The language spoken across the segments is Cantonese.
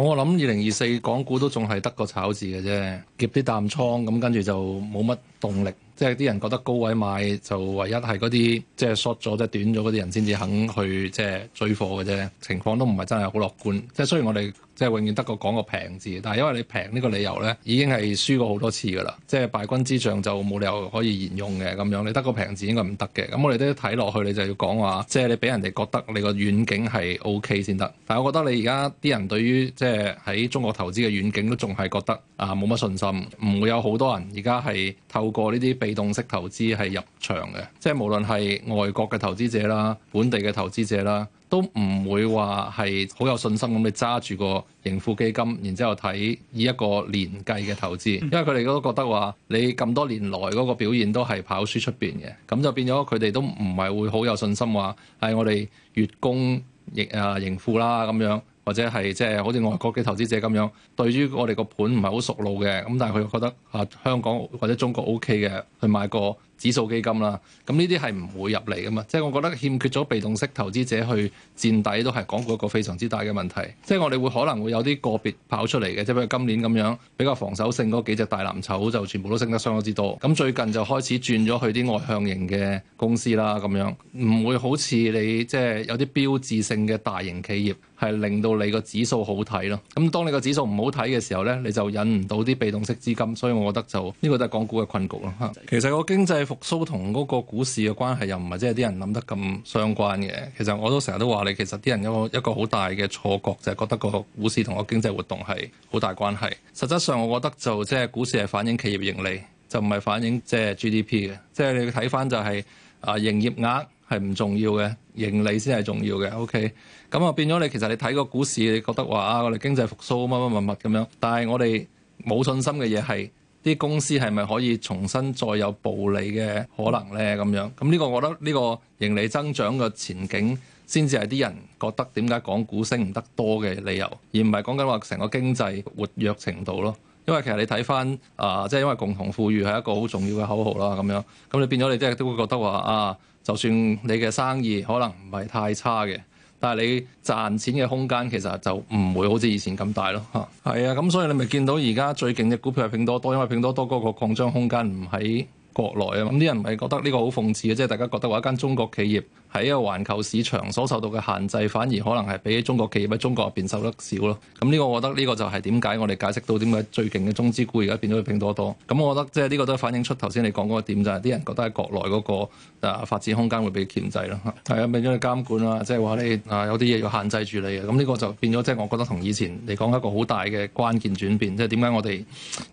我我諗，二零二四港股都仲係得個炒字嘅啫，夾啲淡倉咁，跟住就冇乜動力。即係啲人覺得高位買就唯一係嗰啲即係縮咗、即係短咗嗰啲人先至肯去即係追貨嘅啫。情況都唔係真係好樂觀。即係雖然我哋即係永遠得個講個平字，但係因為你平呢個理由呢，已經係輸過好多次㗎啦。即係敗軍之將就冇理由可以沿用嘅咁樣。你得個平字應該唔得嘅。咁我哋都睇落去，你就要講話，即係你俾人哋覺得你個遠景係 OK 先得。但係我覺得你而家啲人對於即係喺中國投資嘅遠景都仲係覺得啊冇乜信心，唔會有好多人而家係透過呢啲被動式投資係入場嘅，即係無論係外國嘅投資者啦、本地嘅投資者啦，都唔會話係好有信心，咁你揸住個盈富基金，然之後睇以一個年計嘅投資，因為佢哋都覺得話你咁多年來嗰個表現都係跑輸出邊嘅，咁就變咗佢哋都唔係會好有信心話係我哋月供盈啊盈富啦咁樣。或者係即係好似外國嘅投資者咁樣，對於我哋個盤唔係好熟路嘅，咁但係佢覺得啊香港或者中國 OK 嘅，去買個指數基金啦，咁呢啲係唔會入嚟㗎嘛？即係我覺得欠缺咗被動式投資者去墊底，都係港股一個非常之大嘅問題。即係我哋會可能會有啲個別跑出嚟嘅，即係譬如今年咁樣比較防守性嗰幾隻大藍籌就全部都升得相當之多。咁最近就開始轉咗去啲外向型嘅公司啦，咁樣唔會好似你即係、就是、有啲標誌性嘅大型企業係令到你個指數好睇咯。咁當你個指數唔好睇嘅時候呢，你就引唔到啲被動式資金，所以我覺得就呢、這個都係港股嘅困局咯。嚇，其實個經濟復甦同嗰個股市嘅關係又唔係即係啲人諗得咁相關嘅。其實我都成日都話你，其實啲人有個一個好大嘅錯覺就係覺得個股市同個經濟活動係好大關係。實質上，我覺得就即係股市係反映企業盈利，就唔係反映即係 GDP 嘅。即係你睇翻就係啊營業額係唔重要嘅，盈利先係重要嘅。OK，咁啊變咗你其實你睇個股市，你覺得話啊我哋經濟復甦乜乜乜乜咁樣，但係我哋冇信心嘅嘢係。啲公司係咪可以重新再有暴利嘅可能呢？咁樣咁呢個，我覺得呢個盈利增長嘅前景，先至係啲人覺得點解講股升唔得多嘅理由，而唔係講緊話成個經濟活躍程度咯。因為其實你睇返啊，即係因為共同富裕係一個好重要嘅口號啦，咁樣咁你變咗你即係都會覺得話啊，就算你嘅生意可能唔係太差嘅。但係你賺錢嘅空間其實就唔會好似以前咁大咯嚇。係啊，咁所以你咪見到而家最勁嘅股票係拼多多，因為拼多多嗰個擴張空間唔喺國內啊嘛。咁啲人咪覺得呢個好諷刺嘅，即係大家覺得話一間中國企業。喺一個環球市場所受到嘅限制，反而可能係比起中國企業喺中國入邊受得少咯。咁呢個我覺得呢個就係點解我哋解釋到點解最勁嘅中資股而家變咗去拼多多。咁我覺得即係呢個都反映出頭先你講嗰個點，就係啲人覺得喺國內嗰個啊發展空間會被牽制咯。係、嗯、啊，變咗去監管啦，即係話你啊有啲嘢要限制住你嘅。咁呢個就變咗即係我覺得同以前嚟講一個好大嘅關鍵轉變。即係點解我哋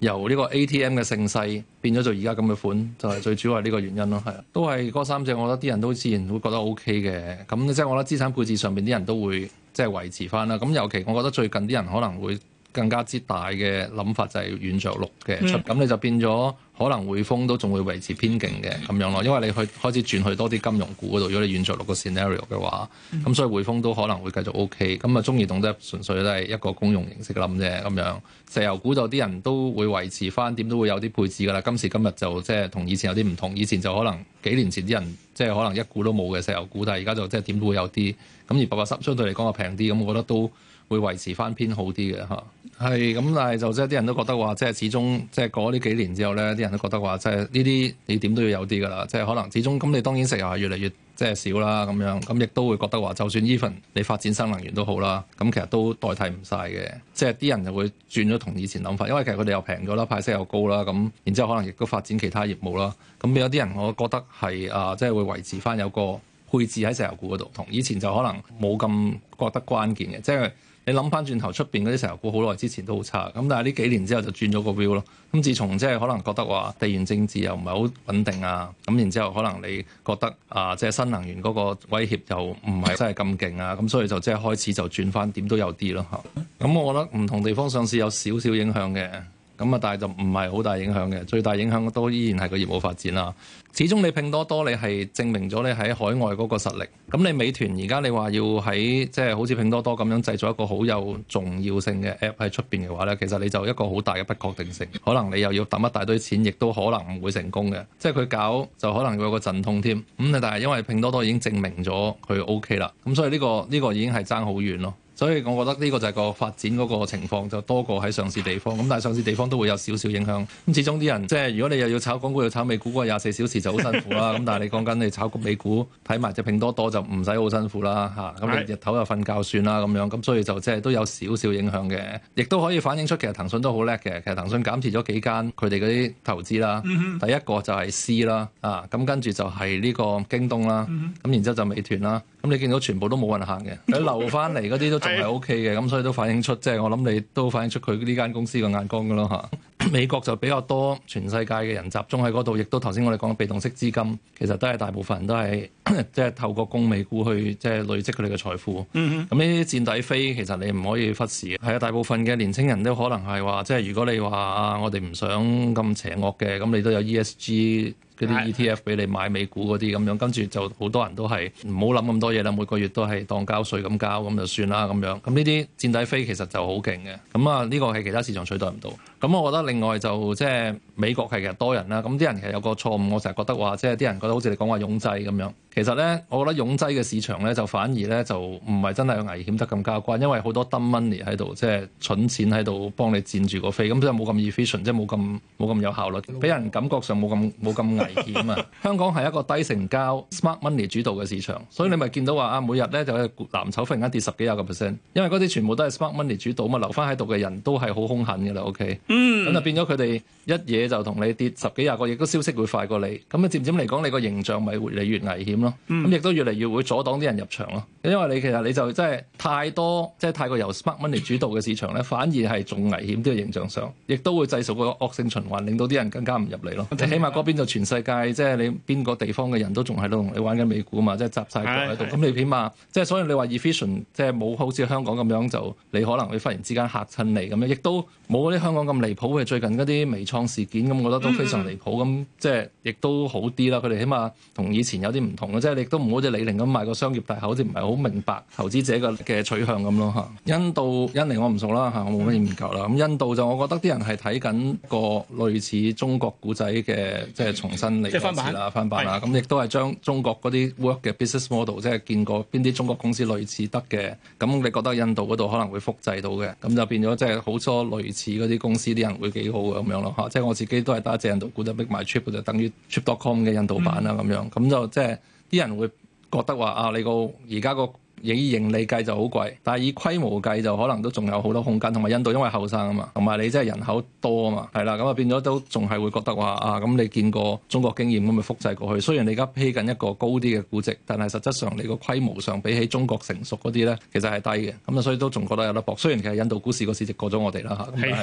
由呢個 ATM 嘅盛世變咗做而家咁嘅款，就係、是、最主要係呢個原因咯。係啊，都係嗰三隻，我覺得啲人都自然會覺得。O.K. 嘅，咁即係我覺得資產配置上面啲人都會即係維持翻啦。咁尤其我覺得最近啲人可能會。更加之大嘅諗法就係軟着陸嘅出，咁你、嗯、就變咗可能匯豐都仲會維持偏勁嘅咁樣咯，因為你去開始轉去多啲金融股嗰度，如果你軟着陸個 scenario 嘅話，咁、嗯、所以匯豐都可能會繼續 OK，咁啊中移動都純粹都係一個公用形式諗啫咁樣，石油股就啲人都會維持翻，點都會有啲配置噶啦。今時今日就即係同以前有啲唔同，以前就可能幾年前啲人即係可能一股都冇嘅石油股，但係而家就即係點都會有啲，咁而八八十相對嚟講啊平啲，咁我覺得都會維持翻偏好啲嘅嚇。係咁，但係就即係啲人都覺得話，即係始終即係過咗呢幾年之後咧，啲人都覺得話，即係呢啲你點都要有啲㗎啦。即係可能始終咁，你當然石油係越嚟越即係少啦咁樣，咁亦都會覺得話，就算 even 你發展新能源都好啦，咁其實都代替唔晒嘅。即係啲人就會轉咗同以前諗法，因為其實佢哋又平咗啦，派息又高啦，咁然之後可能亦都發展其他業務啦。咁有啲人我覺得係啊，即係會維持翻有個配置喺石油股嗰度，同以前就可能冇咁覺得關鍵嘅，即係。即你諗翻轉頭，出邊嗰啲石油股好耐之前都好差，咁但係呢幾年之後就轉咗個 view 咯。咁自從即係可能覺得話地緣政治又唔係好穩定啊，咁然之後可能你覺得啊，即係新能源嗰個威脅又唔係真係咁勁啊，咁所以就即係開始就轉翻點都有啲咯嚇。咁我覺得唔同地方上市有少少影響嘅。咁啊，但係就唔係好大影響嘅。最大影響都依然係個業務發展啦。始終你拼多多你係證明咗你喺海外嗰個實力。咁你美團而家你話要喺即係好似拼多多咁樣製造一個好有重要性嘅 app 喺出邊嘅話呢，其實你就一個好大嘅不確定性。可能你又要抌一大堆錢，亦都可能唔會成功嘅。即係佢搞就可能會有個震痛添。咁但係因為拼多多已經證明咗佢 OK 啦，咁所以呢個呢個已經係爭好遠咯。所以我覺得呢個就係個發展嗰個情況就多過喺上市地方，咁但係上市地方都會有少少影響。咁始終啲人即係如果你又要炒港股要炒美股，嗰廿四小時就好辛苦啦。咁 但係你講緊你炒股美股，睇埋隻拼多多就唔使好辛苦啦嚇。咁、啊、你日頭又瞓覺算啦咁樣。咁所以就即係都有少少影響嘅，亦都可以反映出其實騰訊都好叻嘅。其實騰訊減持咗幾間佢哋嗰啲投資啦。第一個就係 C 啦、啊，啊咁跟住就係呢個京東啦，咁、啊、然之後就美團啦。咁你見到全部都冇人行嘅，你 留翻嚟嗰啲都仲係 O K 嘅，咁 所以都反映出即係、就是、我諗你都反映出佢呢間公司個眼光嘅咯嚇。美國就比較多全世界嘅人集中喺嗰度，亦都頭先我哋講被動式資金，其實都係大部分人都係即係透過供美股去即係累積佢哋嘅財富。咁呢啲墊底飛其實你唔可以忽視嘅。係啊，大部分嘅年輕人都可能係話，即、就、係、是、如果你話我哋唔想咁邪惡嘅，咁你都有 E S G。嗰啲 ETF 俾你買美股嗰啲咁樣，跟住就好多人都係唔好諗咁多嘢啦，每個月都係當交稅咁交，咁就算啦咁樣。咁呢啲戰底飛其實就好勁嘅。咁啊，呢個係其他市場取代唔到。咁我覺得另外就即係。即係美國係其實多人啦，咁啲人其實有個錯誤，我成日覺得話，即係啲人覺得好似你講話擁擠咁樣。其實咧，我覺得擁擠嘅市場咧就反而咧就唔係真係危險得咁交關，因為好多 dumb money 喺度，即係蠢錢喺度幫你佔住個飛，咁即係冇咁 efficient，即係冇咁冇咁有效率，俾人感覺上冇咁冇咁危險啊！ 香港係一個低成交 smart money 主導嘅市場，所以你咪見到話啊，每日咧就藍籌忽然間跌十幾廿個 percent，因為嗰啲全部都係 smart money 主導嘛，留翻喺度嘅人都係好兇狠嘅啦。OK，嗯，咁就變咗佢哋一夜。就同你跌十幾廿個，亦都消息會快過你。咁啊，漸漸嚟講，你個形象咪越嚟越危險咯。咁亦、嗯、都越嚟越會阻擋啲人入場咯。因為你其實你就即係太多，即、就、係、是、太過由 smart money 主導嘅市場咧，反而係仲危險啲嘅形象上，亦都會製造個惡性循環，令到啲人更加唔入嚟咯。即、嗯、起碼嗰邊就全世界，即、就、係、是、你邊個地方嘅人都仲喺度同你玩緊美股嘛，即係集晒國喺度。咁、嗯嗯、你起碼即係、就是、所以你話 efficient，即係冇好似香港咁樣就你可能會忽然之間嚇親你咁樣。亦都冇啲香港咁離譜嘅最近嗰啲微創事件。咁我、嗯、 覺得都非常離譜，咁即係亦都好啲啦。佢哋起碼同以前有啲唔同咯，即係亦都唔好似李寧咁賣個商業大口，好似唔係好明白投資者嘅嘅取向咁咯嚇。印度、印尼我唔熟啦嚇，我冇乜研究啦。咁印度就我覺得啲人係睇緊個類似中國古仔嘅，即係重新嚟一次啦，翻版啦。咁亦版是都係將中國嗰啲 work 嘅 business model，即係見過邊啲中國公司類似得嘅，咁你覺得印度嗰度可能會複製到嘅，咁就變咗即係好多類似嗰啲公司啲人會幾好嘅咁樣咯嚇。即係我自己自己都係打印度股得逼埋 trip，就等於 trip.com dot 嘅印度版啦咁樣，咁就即係啲人會覺得話啊，你個而家個。以盈利計就好貴，但係以規模計就可能都仲有好多空間。同埋印度因為後生啊嘛，同埋你真係人口多啊嘛，係啦，咁啊變咗都仲係會覺得話啊，咁你見過中國經驗咁咪複製過去？雖然你而家批緊一個高啲嘅估值，但係實質上你個規模上比起中國成熟嗰啲咧，其實係低嘅。咁啊，所以都仲覺得有得搏。雖然其實印度股市個市值過咗我哋啦嚇，咁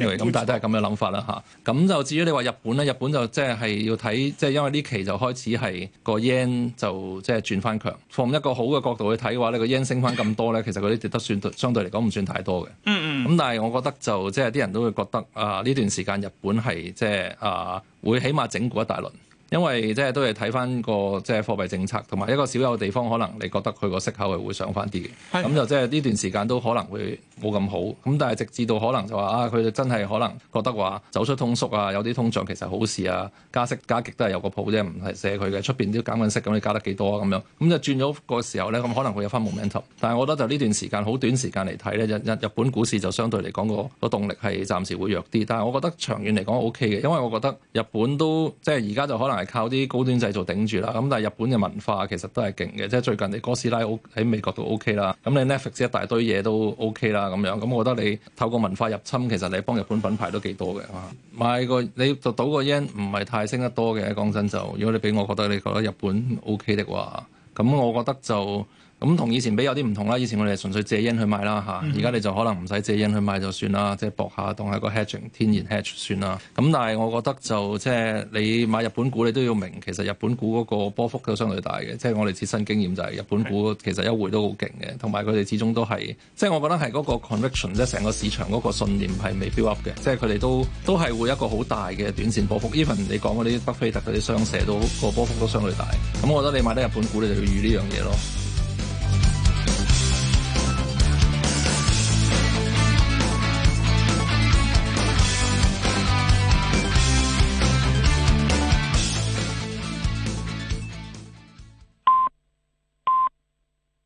係咁大家都係咁嘅諗法啦嚇。咁、啊、就至於你話日本咧，日本就即係要睇，即、就、係、係、因為呢期就開始係個 yen 就即係轉翻強。從一個好嘅角度去睇。嘅話呢、嗰個日圓升翻咁多呢，其實佢啲跌得算相對嚟講唔算太多嘅。嗯 嗯。咁但係我覺得就即係啲人都會覺得啊，呢、呃、段時間日本係即係啊，會起碼整固一大輪，因為即係、就是、都係睇翻個即係、就是、貨幣政策同埋一個少有地方，可能你覺得佢個息口係會上翻啲嘅。咁、 嗯、就即係呢段時間都可能會。冇咁好，咁但係直至到可能就話啊，佢哋真係可能覺得話走出通縮啊，有啲通脹其實好事啊，加息加極都係有個譜啫，唔係寫佢嘅。出邊啲減緊息咁、嗯，你加得幾多啊？咁樣咁、嗯、就轉咗個時候呢，咁、嗯、可能會有翻 momentum。但係我覺得就呢段時間好短時間嚟睇呢，日日日本股市就相對嚟講個個動力係暫時會弱啲。但係我覺得長遠嚟講 O K 嘅，因為我覺得日本都即係而家就可能係靠啲高端製造頂住啦。咁、嗯、但係日本嘅文化其實都係勁嘅，即係最近你哥斯拉喺美國都 O K 啦，咁你 Netflix 一大堆嘢都 O K 啦。咁樣，咁我覺得你透過文化入侵，其實你幫日本品牌都幾多嘅。買個你賭個 yen 唔係太升得多嘅。講真就，如果你俾我覺得你覺得日本 OK 的話，咁我覺得就。咁同以前比有啲唔同啦。以前我哋純粹借因去買啦嚇，而家你就可能唔使借因去買就算啦，嗯、即係博下當係個 hedging 天然 hedge 算啦。咁但係我覺得就即係你買日本股，你都要明其實日本股嗰個波幅都相對大嘅。即係我哋自身經驗就係、是、日本股其實一回都好勁嘅，同埋佢哋始終都係即係我覺得係嗰個 conviction 即係成個市場嗰個信念係未 build up 嘅，即係佢哋都都係會一個好大嘅短線波幅。even 你講嗰啲北非特嗰啲商社都、那個波幅都相對大，咁我覺得你買得日本股你就要預呢樣嘢咯。